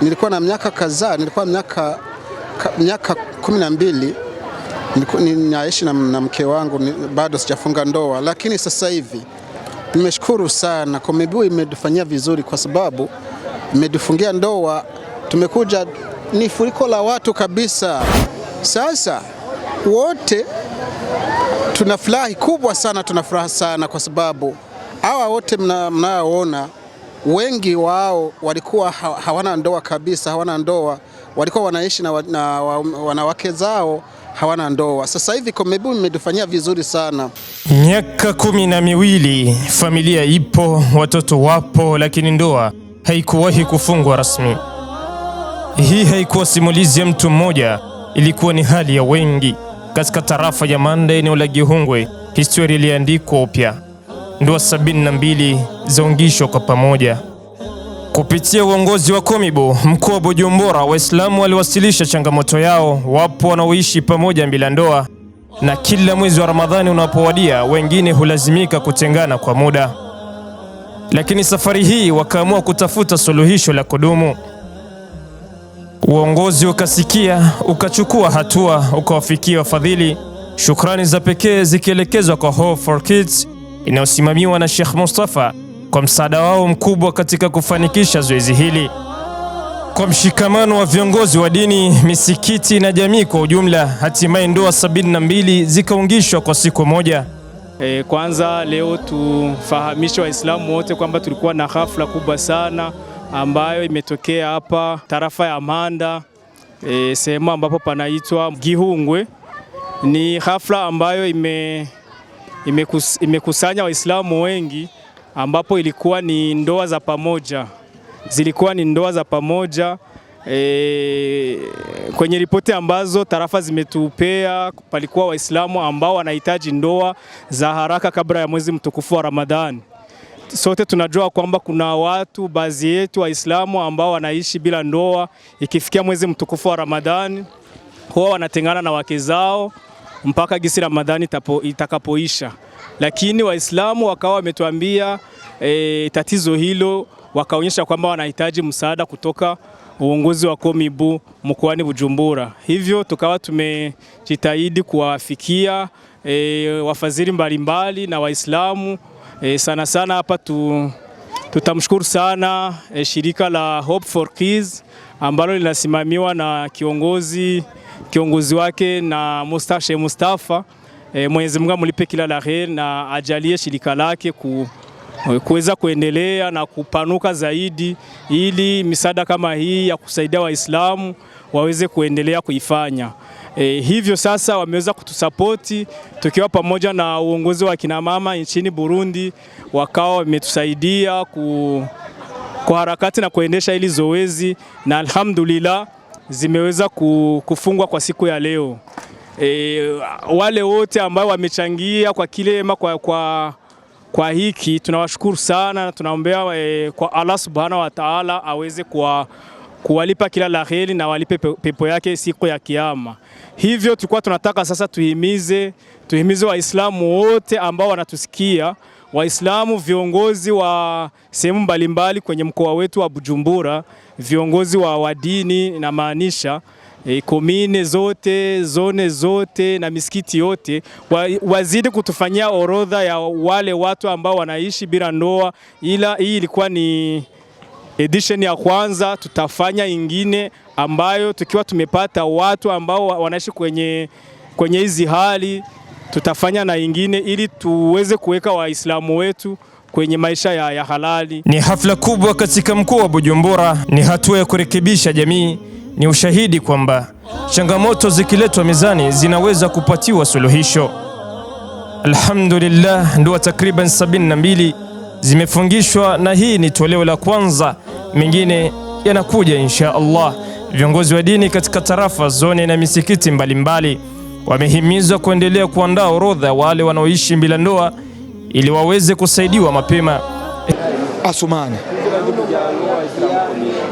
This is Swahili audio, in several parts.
nilikuwa na miaka kadhaa, nilikuwa miaka miaka kumi na mbili ninaishi na, na mke wangu ni, bado sijafunga ndoa, lakini sasa hivi nimeshukuru sana komebuu imetufanyia vizuri kwa sababu imetufungia ndoa. Tumekuja ni furiko la watu kabisa, sasa wote tuna furahi kubwa sana, tuna furaha sana kwa sababu hawa wote mnaoona mna wengi wao walikuwa hawana ndoa kabisa, hawana ndoa, walikuwa wanaishi na, na wanawake zao hawana ndoa. Sasa hivi Komebu imetufanyia vizuri sana. Miaka kumi na miwili, familia ipo, watoto wapo, lakini ndoa haikuwahi kufungwa rasmi. Hii haikuwa simulizi ya mtu mmoja, ilikuwa ni hali ya wengi. Katika tarafa ya Manda, eneo la Gihungwe, historia iliandikwa upya ndoa mbili zaungishwa kwa pamoja. Kupitia uongozi wa Komibo mkoa wa Bujumbura, Waislamu waliwasilisha changamoto yao. Wapo wanaoishi pamoja bila ndoa, na kila mwezi wa Ramadhani unapowadia wengine hulazimika kutengana kwa muda, lakini safari hii wakaamua kutafuta suluhisho la kudumu. Uongozi ukasikia, ukachukua hatua, ukawafikia wafadhili, shukrani za pekee zikielekezwa kwa Hope for Kids inayosimamiwa na Sheikh Mustafa kwa msaada wao mkubwa katika kufanikisha zoezi hili. Kwa mshikamano wa viongozi wa dini, misikiti na jamii kwa ujumla, hatimaye ndoa sabini mbili zikaungishwa kwa siku moja. E, kwanza leo tufahamishe Waislamu wote kwamba tulikuwa na hafla kubwa sana ambayo imetokea hapa tarafa ya Manda, e, sehemu ambapo panaitwa Gihungwe. Ni hafla ambayo ime imekus, imekusanya Waislamu wengi ambapo ilikuwa ni ndoa za pamoja, zilikuwa ni ndoa za pamoja e, kwenye ripoti ambazo tarafa zimetupea palikuwa Waislamu ambao wanahitaji ndoa za haraka kabla ya mwezi mtukufu wa Ramadhani. Sote tunajua kwamba kuna watu baadhi yetu Waislamu ambao wanaishi bila ndoa, ikifikia mwezi mtukufu wa Ramadhani huwa wanatengana na wake zao mpaka gisi Ramadhani itakapoisha. Lakini Waislamu wakawa wametuambia e, tatizo hilo, wakaonyesha kwamba wanahitaji msaada kutoka uongozi wa Komibu mkoani Bujumbura. Hivyo tukawa tumejitahidi kuwafikia e, wafadhili mbalimbali na Waislamu e, sana sana hapa tu tutamshukuru sana e, shirika la Hope for Kids ambalo linasimamiwa na kiongozi kiongozi wake na Mustashe Mustafa. E, Mwenyezi Mungu amlipe kila la heri na ajalie shirika lake ku eh, kuweza kuendelea na kupanuka zaidi ili misaada kama hii ya kusaidia Waislamu waweze kuendelea kuifanya. E, hivyo sasa wameweza kutusapoti tukiwa pamoja na uongozi wa kinamama nchini Burundi, wakawa wametusaidia ku, kwa harakati na kuendesha hili zoezi na alhamdulillah zimeweza kufungwa kwa siku ya leo. E, wale wote ambao wamechangia kwa kilema kwa, kwa, kwa hiki tunawashukuru sana. Tunaombea e, kwa Allah subhanahu wa taala aweze kwa kuwalipa kila la heri na walipe pepo yake siku ya Kiyama. Hivyo tulikuwa tunataka sasa tuhimize, tuhimize Waislamu wote ambao wanatusikia, Waislamu viongozi wa sehemu mbalimbali kwenye mkoa wetu wa Bujumbura viongozi wa wadini, namaanisha E, eh, komine zote zone zote na misikiti yote wa, wazidi kutufanyia orodha ya wale watu ambao wanaishi bila ndoa, ila hii ilikuwa ni edition ya kwanza. Tutafanya ingine ambayo tukiwa tumepata watu ambao wanaishi kwenye kwenye hizi hali, tutafanya na ingine ili tuweze kuweka Waislamu wetu kwenye maisha ya, ya halali. Ni hafla kubwa katika mkoa wa Bujumbura, ni hatua ya kurekebisha jamii, ni ushahidi kwamba changamoto zikiletwa mezani zinaweza kupatiwa suluhisho. Alhamdulillah, ndoa takriban mbili zimefungishwa na hii ni toleo la kwanza, mengine yanakuja insha Allah. Viongozi wa dini katika tarafa, zone na misikiti mbalimbali wamehimizwa kuendelea kuandaa orodha wale wanaoishi bila ndoa ili waweze kusaidiwa mapema asumani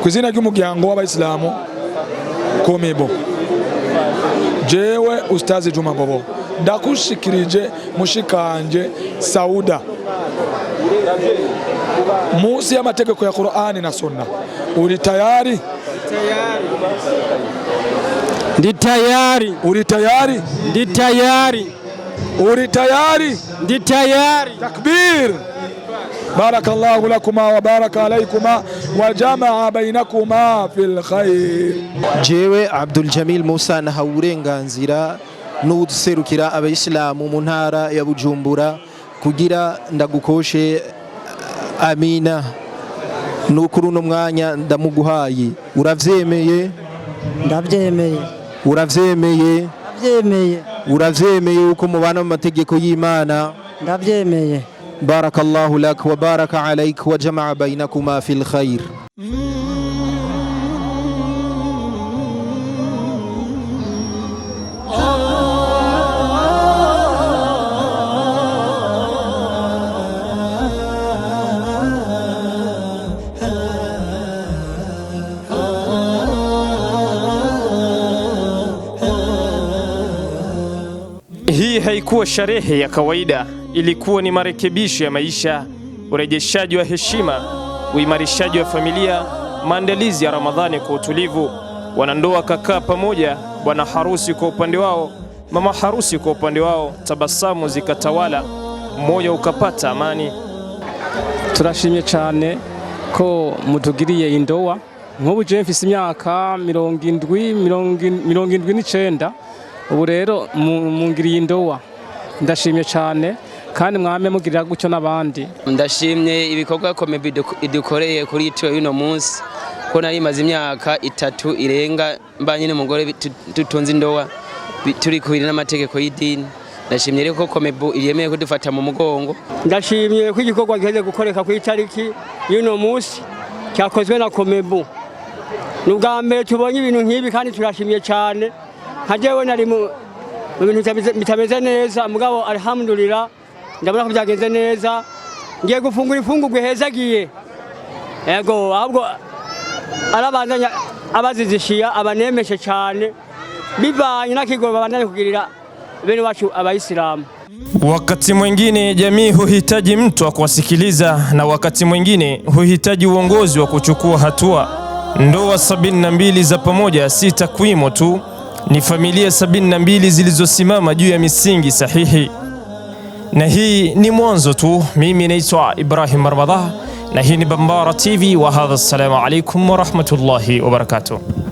kwizina wa baisilamu komibo jewe ustazi Juma Bobo ndakushikirije mushikanje Sauda musi ya mategeko ya Qur'ani na Sunna uli tayari ndi tayari Uli tayari ndi tayari uri tayari? Ndi tayari. Takbir. Barakallahu lakuma wa baraka alaykuma wa jamaa bainakuma fil khair. Jewe Abdul Jamil Musa naha uburenganzira n'uduserukira abayisilamu mu ntara ya Bujumbura kugira ndagukoshe amina nukuri uno mwanya ndamuguhaye uravyemeye? Ndavyemeye. Uravyemeye? Ndavyemeye. urazemeye uko mubana mu mategeko y'Imana ndabyemeye بارك الله لك وبارك عليك وجمع بينكما في الخير haikuwa sherehe ya kawaida, ilikuwa ni marekebisho ya maisha, urejeshaji wa heshima, uimarishaji wa familia, maandalizi ya Ramadhani kwa utulivu. Wanandoa kakaa pamoja, bwana harusi kwa upande wao, mama harusi kwa upande wao, tabasamu zikatawala, moyo ukapata amani. Turashimye cyane ko mutugiriye indoa. Nk'ubu je mfise imyaka mirongo indwi mirongo indwi n'icenda ubu rero mungiriye indowa ndashimye cyane kandi mwame mugirira gutyo n'abandi ndashimye ibikorwa komebi dukoreye kuri icyo y'uno munsi ko nari imaze imyaka itatu irenga mba mbanye n'umugore dutunze indowa turi kubiri n'amategeko y'idini ndashimye rero ko komebu yemeye kudufata mu mugongo ndashimye ko igikorwa giheze gukoreka ku itariki y'uno munsi cyakozwe na komebu ni ubwa mbere tubonye ibintu nk'ibi kandi turashimye cyane hajewe nari mu bintu bitameze neza mugabo alhamdulillah ndabona ko byageze neza ngiye gufungura ifungurwa hezagiye yego ahubwo arabandanya abazizishiya abanemeshe cyane bivanye nakigoro babandanye kugirira bene wacu abayisilamu Wakati mwingine jamii huhitaji mtu wa kuwasikiliza na wakati mwingine huhitaji uongozi wa kuchukua hatua. Ndoa 72 za pamoja si takwimu tu, ni familia sabini na mbili zilizosimama juu ya misingi sahihi. Na hii ni mwanzo tu. Mimi naitwa Ibrahim Ramadhan na hii ni Bambara TV wa hadha. Assalamu alaikum warahmatullahi wabarakatuh.